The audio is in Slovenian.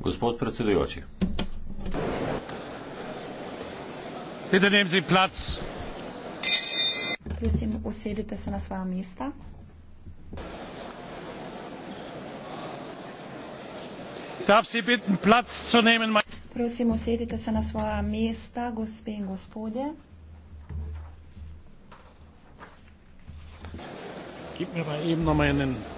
Gospod predsedujoči. Bitte nehmen Sie Platz. Prosim, usedite se na svoja mesta. Darf Sie bitten, Platz zu nehmen, mein Prosim, usedite se na svoja mesta, gospe in gospodje. Gib mir mal eben noch mal einen